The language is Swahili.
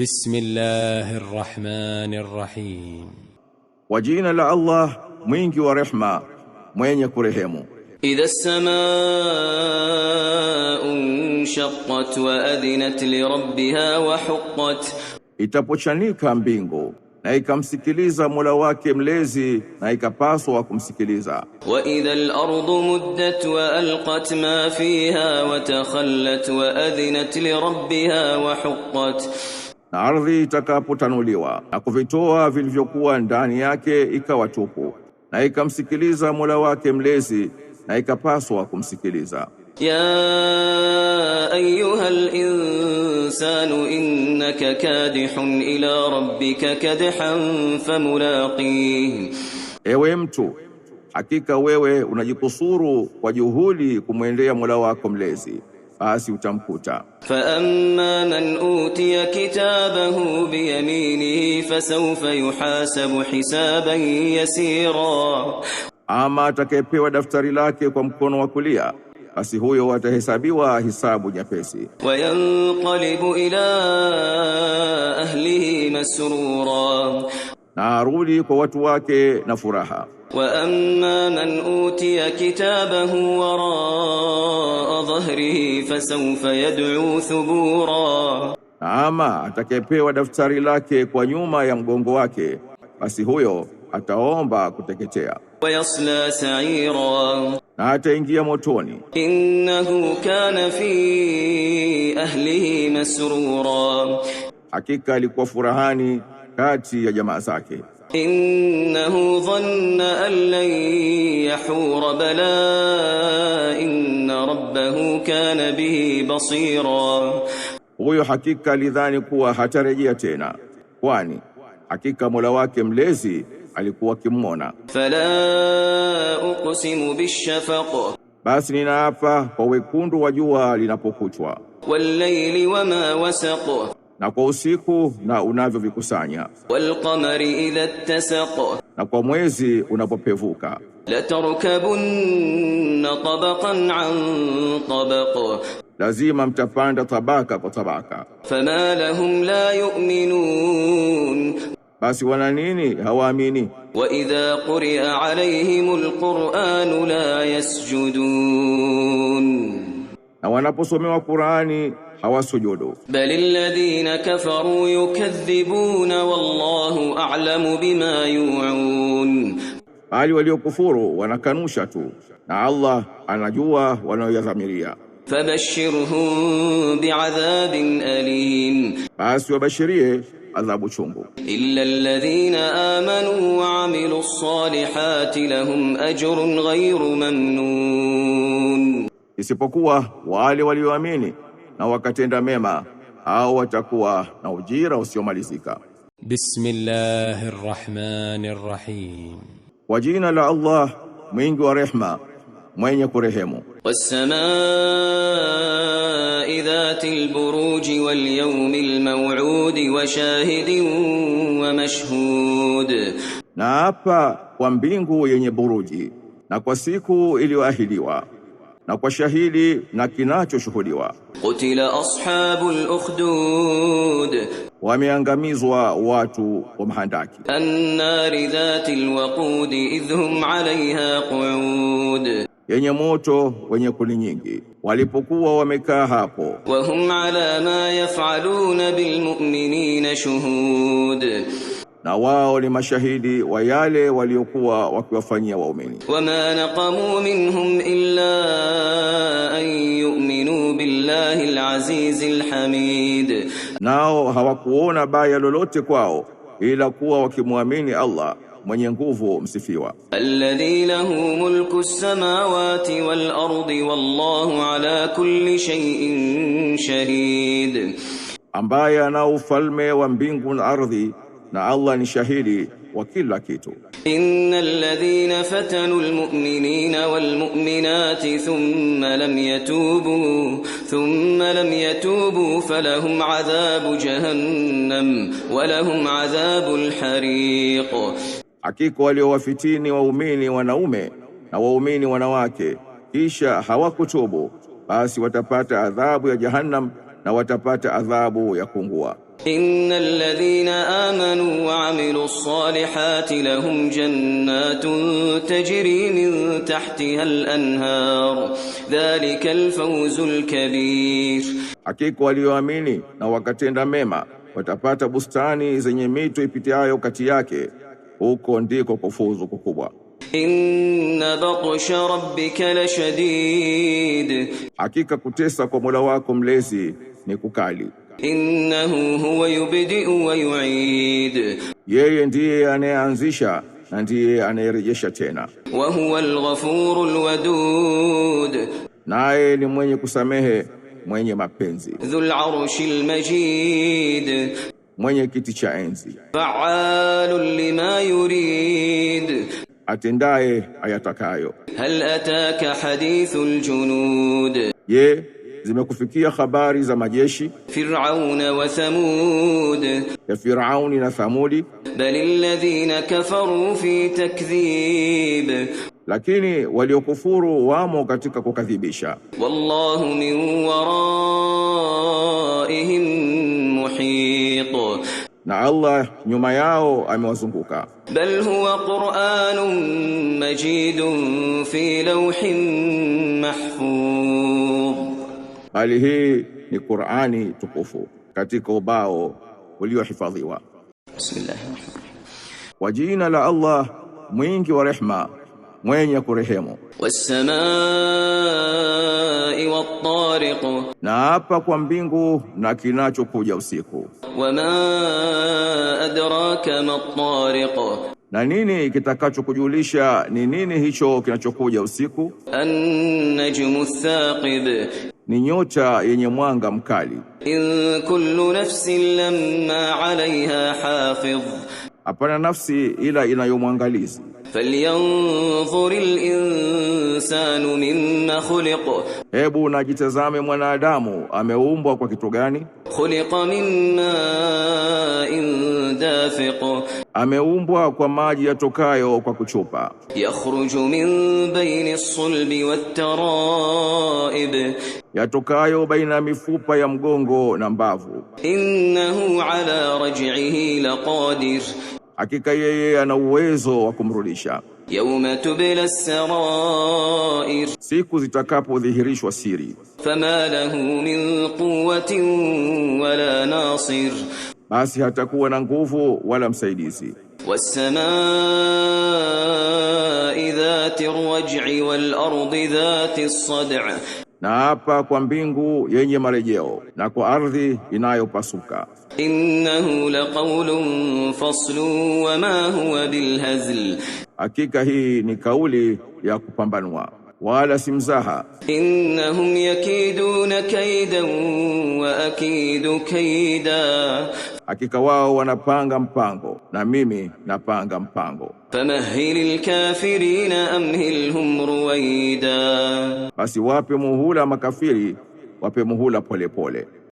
بسم الله الرحمن الرحيم وجينا لله مينك ورحمة مينك ورحمة إذا السماء انشقت وأذنت لربها وحقت إتبوشاني كامبينغو نايكامسكيليزا ملاواكي مليزي نايكاباسواكمسكيليزا وإذا الأرض مدت وألقت ما فيها وتخلت وأذنت لربها وحقت na ardhi itakapotanuliwa na kuvitoa vilivyokuwa ndani yake ikawa tupu, na ikamsikiliza Mola wake mlezi, na ikapaswa kumsikiliza. ya ayuha linsanu innaka kadihun ila rabbika kadhan famulaqih, ewe mtu, hakika wewe unajikusuru kwa juhudi kumwendea Mola wako mlezi basi utamkuta. fa amma man utiya kitabahu bi yaminihi fasawfa yuhasabu hisaban yasira, ama atakayepewa daftari lake kwa mkono wa kulia basi huyo atahesabiwa hisabu nyepesi. yanqalibu ila ahlihi masrura, na arudi kwa watu wake na furaha. وأما من أوتي كتابه وراء ظهره فسوف يدعو ثبورا Ama atakayepewa daftari lake kwa nyuma ya mgongo wake, basi huyo ataomba kuteketea. Wayasla saira, na ataingia motoni. Innahu kana fi ahlihi masrura, hakika alikuwa furahani kati ya jamaa zake. إنه ظن أن لن يحور بلى إن ربه كان به بصيرا huyo hakika alidhani kuwa hatarejea tena, kwani hakika Mola wake mlezi alikuwa akimwona. Fala uqsimu bishafaq, basi ninaapa kwa wekundu wa jua linapokuchwa. Wallayli wama wasaq, na kwa usiku na unavyovikusanya, walqamari idha ittasaq, na kwa mwezi unapopevuka, latarkabunna tabaqan an tabaq, lazima mtapanda tabaka kwa tabaka. Fama lahum la yu'minun, basi wana nini hawaamini. Wa idha quri'a alayhimul qur'anu la yasjudun na wanaposomewa Qur'ani hawasujudu. Balil ladhina kafaru yukadhibuna wallahu a'lamu bima yu'un, bali waliokufuru wanakanusha tu na Allah anajua wanayodhamiria. Fabashirhum bi'adhabin alim, basi wabashirie adhabu chungu. Illa alladhina amanu wa amilu ssalihati lahum ajrun ghayru mamnun isipokuwa wale walioamini na wakatenda mema, au watakuwa na ujira usiomalizika. Bismillahir Rahmanir Rahim, kwa jina la Allah mwingi wa rehma mwenye kurehemu. Wassamai dhatil buruji wal yawmil maw'ud wa shahidin wa mashhud, na hapa kwa mbingu yenye buruji na kwa siku iliyoahidiwa na kwa shahidi na kinachoshuhudiwa. Qutila ashabul ukhdud, wameangamizwa watu wa mahandaki. Annari dhatil waqud idhum alayha qu'ud, yenye moto wenye kuni nyingi walipokuwa wamekaa hapo. Wa hum ala ma yaf'aluna bil mu'minina shuhud na wao ni mashahidi wa yale waliokuwa wakiwafanyia waumini. wama naqamu minhum illa an yu'minu billahi alazizi alhamid, nao hawakuona baya lolote kwao ila kuwa wakimwamini Allah mwenye nguvu msifiwa. alladhi lahu mulku samawati wal ardi wallahu ala kulli shay'in shahid, ambaye anao ufalme wa mbingu na ardhi na Allah ni shahidi wa kila kitu. innal ladhina fatanu almu'minina walmu'minati thumma lam yatubu thumma lam yatubu falahum adhabu jahannam walahum adhabu alhariq, hakika waliowafitini waumini wanaume na waumini wanawake kisha hawakutubu basi watapata adhabu ya jahannam na watapata adhabu ya kungua. إن الذين آمنوا وعملوا الصالحات لهم جنات تجري من تحتها الأنهار ذلك الفوز الكبير hakika walioamini na wakatenda mema watapata زي ميتو mito ipitayo yake huko ndiko kufuzu kukubwa Inna batsha rabbika lashadid, hakika kutesa kwa Mola wako mlezi ni kukali. Innahu huwa yubdiu wa yuid, yeye ndiye anayeanzisha na ndiye anayerejesha tena. Wa huwa alghafurul wadud, naye ni mwenye kusamehe mwenye mapenzi. Dhul arshil majid, mwenye kiti cha enzi. Fa'alul lima yurid, atendaye ayatakayo. Hal ataka hadithul junud, ye zimekufikia habari za majeshi Firauna wa Thamud, ya Firauni na Thamudi. Bal alladhina kafaru fi takdhib, lakini waliokufuru wamo katika kukadhibisha. Wallahu min waraihim muhit, na Allah nyuma yao amewazunguka. Bal huwa Qur'anun majidun fi lawhin mahfuz hali hii ni Qur'ani tukufu katika ubao uliohifadhiwa. Bismillahirrahmanirrahim. Kwa jina la Allah mwingi wa rehma mwenye kurehemu. Wassamai wattariq, na hapa kwa mbingu na kinachokuja usiku. Wama adraka mattariq, na nini kitakachokujulisha ni nini hicho kinachokuja usiku. An-najmu thaqib ni nyota yenye mwanga mkali. In kullu nafsin lamma alaiha hafidh, hapana nafsi ila inayomwangalizi falyanzuril insanu mimma khuliqa, hebu najitazame mwanadamu ameumbwa kwa kitu gani? Khuliqa mimma indafiq, ameumbwa kwa maji yatokayo kwa kuchupa. Yakhruju min bayni as-sulbi wat-tara'ib, yatokayo baina ya mifupa ya mgongo na mbavu. Innahu ala raj'ihi laqadir hakika yeye ana uwezo wa kumrudisha. Yauma tubla sarair, siku zitakapodhihirishwa siri. Fama lahu min quwwatin wala nasir, basi hatakuwa na nguvu wala msaidizi. Wassamai dhati rwaj'i wal ardi dhati sad'i na hapa kwa mbingu yenye marejeo na kwa ardhi inayopasuka. Innahu laqawlun faslu wama huwa bilhazl, hakika hii ni kauli ya kupambanua wala si mzaha. Innahum yakiduna kaidan wa akidu kaida hakika wao wanapanga mpango na mimi napanga mpango. famahilil kafirina amhilhum ruwaida, basi wape muhula makafiri, wape muhula polepole pole.